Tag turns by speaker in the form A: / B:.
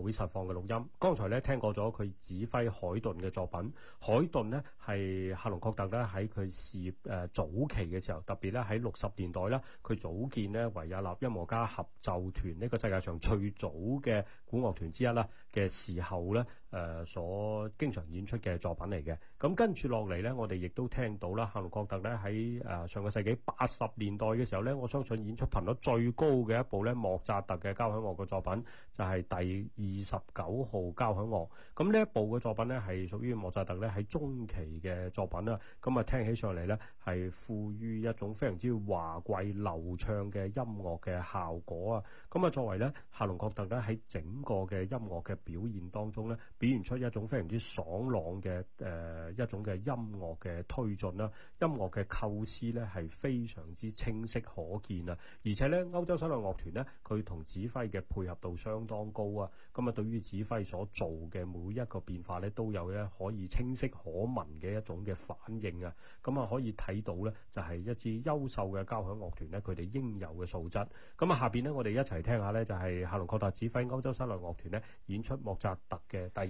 A: 會實放嘅錄音，剛才咧聽過咗佢指揮海頓嘅作品。海頓咧係克隆確特咧喺佢事業誒早期嘅時候，特別咧喺六十年代啦，佢組建咧維也納音樂家合奏團，呢、這個世界上最早嘅古樂團之一啦嘅時候咧。誒、呃、所經常演出嘅作品嚟嘅，咁跟住落嚟呢，我哋亦都聽到啦，夏隆國特咧喺上個世紀八十年代嘅時候呢，我相信演出頻率最高嘅一部咧，莫扎特嘅交響樂嘅作品就係、是、第二十九號交響樂。咁呢一部嘅作品呢，係屬於莫扎特咧喺中期嘅作品啦。咁啊，聽起上嚟呢，係富於一種非常之華貴流暢嘅音樂嘅效果啊。咁啊，作為咧夏隆國特咧喺整個嘅音樂嘅表現當中呢，表現出一種非常之爽朗嘅誒、呃、一種嘅音樂嘅推進啦，音樂嘅構思咧係非常之清晰可見啊！而且咧歐洲森林樂團咧，佢同指揮嘅配合度相當高啊！咁啊對於指揮所做嘅每一個變化咧，都有咧可以清晰可聞嘅一種嘅反應啊！咁啊可以睇到咧就係一支優秀嘅交響樂團咧，佢哋應有嘅素質。咁啊下邊咧我哋一齊聽下咧就係夏隆確達指揮歐洲森林樂團咧演出莫扎特嘅第